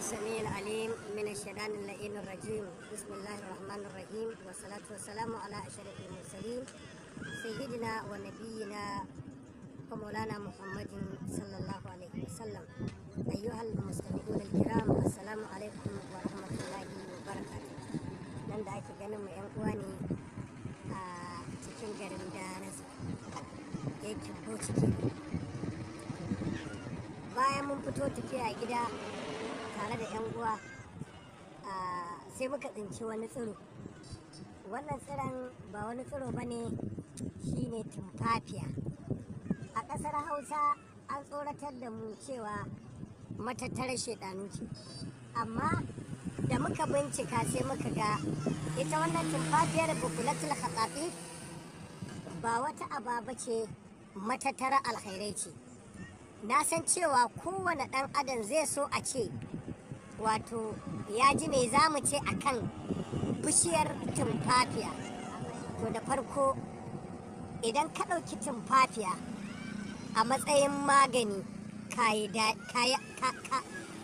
السميع العليم من الشيطان اللئيم الرجيم بسم الله الرحمن الرحيم والصلاة والسلام على أشرف المرسلين سيدنا ونبينا ومولانا محمد صلى الله عليه وسلم أيها المستمعون الكرام السلام عليكم ورحمة الله وبركاته nan da ake ganin mu 'yan uwa ne a cikin garin daras yankin bauchi tare da 'yan uwa sai muka tsinci wani tsiro wannan tsiron ba wani tsiro ba ne shine tumfafiya a ƙasar hausa an tsoratar da mu cewa matattarar shaidanu ce amma da muka bincika sai muka ga ita wannan tumfafiyar bukulatul hatsafi ba wata ababa ce matattara alkhairai ce na san cewa kowane ɗan adam zai so a ce wato ya ji me za mu ce a kan bishiyar tumfafiya to da farko idan ka ɗauki tumfafiya a matsayin magani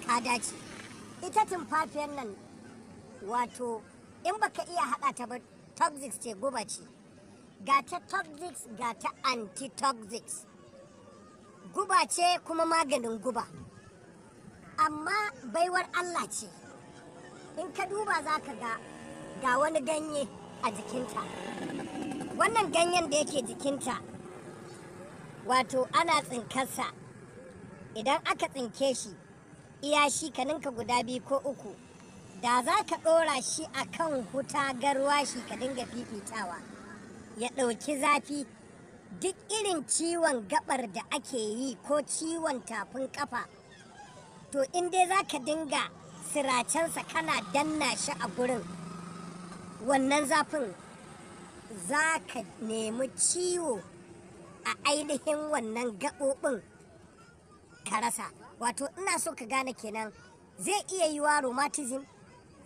ka dace ita tumfafiyar nan wato in baka iya haɗa ta ba toxics ce guba ce ga ta toxics ga ta antitoxics guba ce kuma maganin guba amma baiwar Allah ce in ka duba za ka ga ga wani ganye a jikinta wannan ganyen da yake jikinta wato ana tsinkarsa idan aka tsinke shi iya shi kaninka guda biyu ko uku da za ka ɗora shi a kan huta garwa shi ka dinga fifitawa ya ɗauki zafi duk irin ciwon gabar da ake yi ko ciwon tafin kafa to in dai za ka dinga siracensa kana danna shi a gurin wannan zafin za ka nemi ciwo a ainihin wannan gaɓoɓin ka rasa wato ina so ka gane kenan zai iya yiwa rheumatism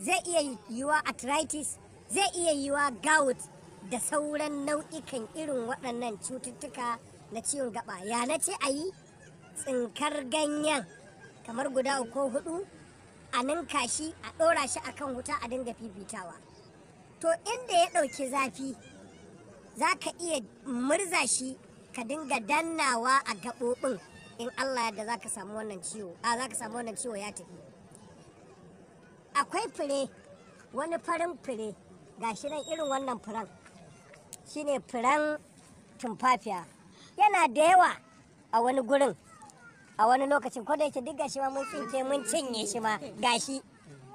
zai iya yiwa arthritis zai iya yiwa gout da sauran nau'ikan irin waɗannan cututtuka na ciwon gaba ya na ce a yi tsinkar ganyen kamar guda ko hudu a ninka shi a ɗora shi a kan wuta a dinga fifitawa to inda ya ɗauki zafi za ka iya murza shi ka dinga dannawa a gaɓoɓin in allah yadda za ka samu wannan ciwo a za ka samu wannan ciwo ya tafi akwai fure wani farin fure ga shi irin wannan furen shine furen tumfafiya yana da yawa a wani gurin a wani lokacin ko da yake duk gashi ma mun tsinke mun cinye shi ma gashi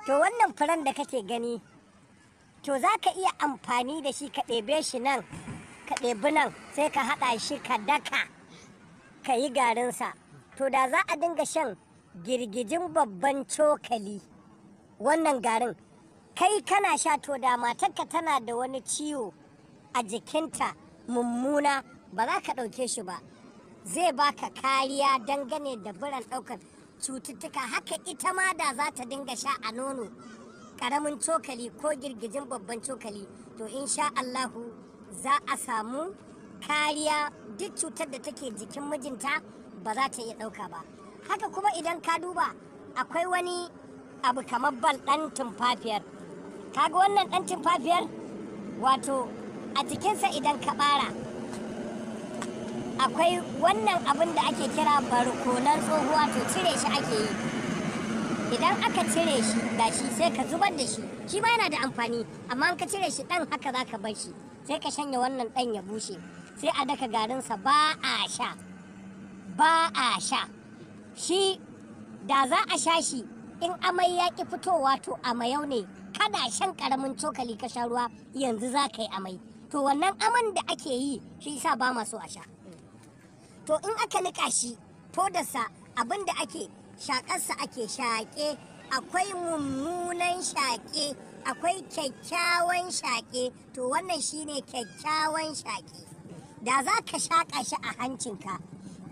to wannan furen da kake gani to za ka iya amfani da shi ka ɗebe shi nan ka ɗebi nan sai ka haɗa shi ka daka ka yi garinsa to da za a dinga shan girgijin babban cokali wannan garin kai kana sha to da matarka tana da wani ciwo a jikinta mummuna ba za ka ɗauke shi ba zai baka kariya dangane da biran ɗaukar cututtuka haka ita ma da za ta dinga sha a nono ƙaramin cokali ko girgijin babban cokali to insha Allahu za a samu kariya duk cutar da take jikin mijinta ba za ta iya ɗauka ba haka kuma idan ka duba akwai wani abu kamar bal ɗan tumfafiyar kaga wannan ɗan tumfafiyar wato a jikinsa idan ka ɓara akwai wannan abin da ake kira barkonan tsohuwa to cire shi ake yi idan aka cire shi da shi sai ka zubar da shi shi ba yana da amfani amma ka cire shi dan haka za ka bar shi sai ka shanya wannan dan ya bushe sai a daka garinsa ba a sha ba a sha shi da za a sha shi in amai ya ki fitowa to amayau ne kada shan karamin cokali ka sha ruwa yanzu za ka yi amai to wannan aman da ake yi shi sa ba ma so a sha to in aka nika shi to da sa, abin da ake shakarsa ake shaƙe akwai mummunan shaƙe akwai kyakkyawan shaƙe to wannan shine kyakkyawan shaƙe da za ka shaƙa shi a hancinka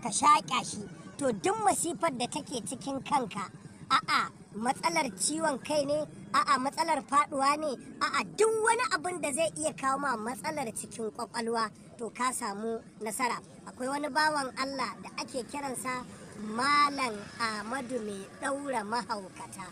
ka shaƙa shi to duk masifar da take cikin kanka a'a matsalar ciwon kai ne a'a matsalar faduwa ne a'a duk wani abin da zai iya kawo ma matsalar cikin kwakwalwa to ka samu nasara akwai wani bawan Allah da ake kiransa malam Ahmadu mai ɗaura mahaukata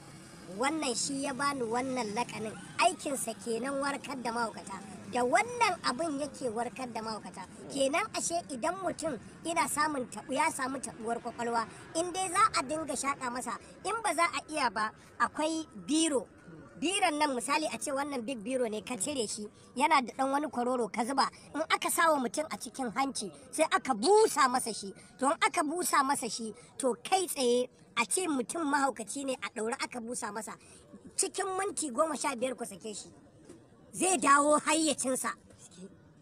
wannan shi ya bani wannan lakanin aikinsa kenan warkar da mahaukata da wannan abin yake warkar da mahaukata kenan ashe idan mutum yana samun tabu ya samu tabuwar kwakwalwa in dai za a dinga shaka masa in ba za a iya ba akwai biro biron nan misali a ce wannan big biro ne ka cire shi yana da dan wani kwaroro ka zuba in aka sawa mutum a cikin hanci sai aka busa masa shi to in aka busa masa shi to kai tsaye a ce mutum mahaukaci ne a ɗaure aka busa masa cikin minti goma sha biyar ku sake shi zai dawo hayyacinsa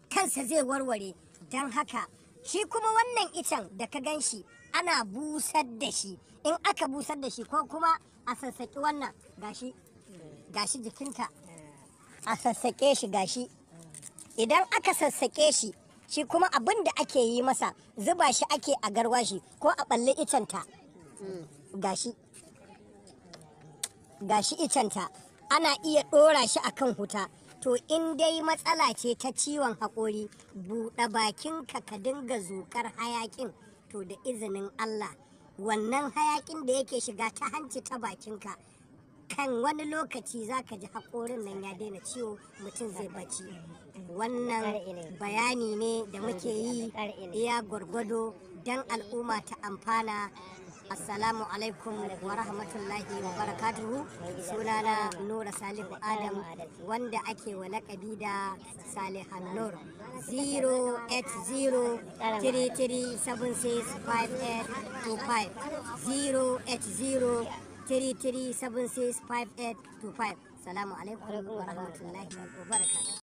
kansa zai warware don haka shi kuma wannan itan da ka gan shi ana busar da shi in aka busar da shi ko kuma a sassaƙi wannan gashi gashi jikinta a sassaƙe shi gashi idan aka sassaƙe shi shi kuma abin da ake yi masa zuba shi ake a garwa shi, ko a ɓalli itanta. gashi gashi itanta, ana iya ɗora shi a kan huta to in dai matsala ce ta ciwon haƙori buɗe bakin ka ka dinga zukar hayaƙin to da izinin Allah wannan hayaƙin da yake shiga ta hanci ta bakinka kan wani lokaci za ka ji haƙorin nan ya daina ciwo mutum zai baci wannan bayani ne da muke yi iya gwargwado don al'umma ta amfana Assalamu alaikum wa rahmatullahi wa barakatuhu sunana Nura Salihu Adam wanda ake wa lakabi da Salihan Nur 08033765825 08033765825 Assalamu alaikum wa rahmatullahi wa barakatuhu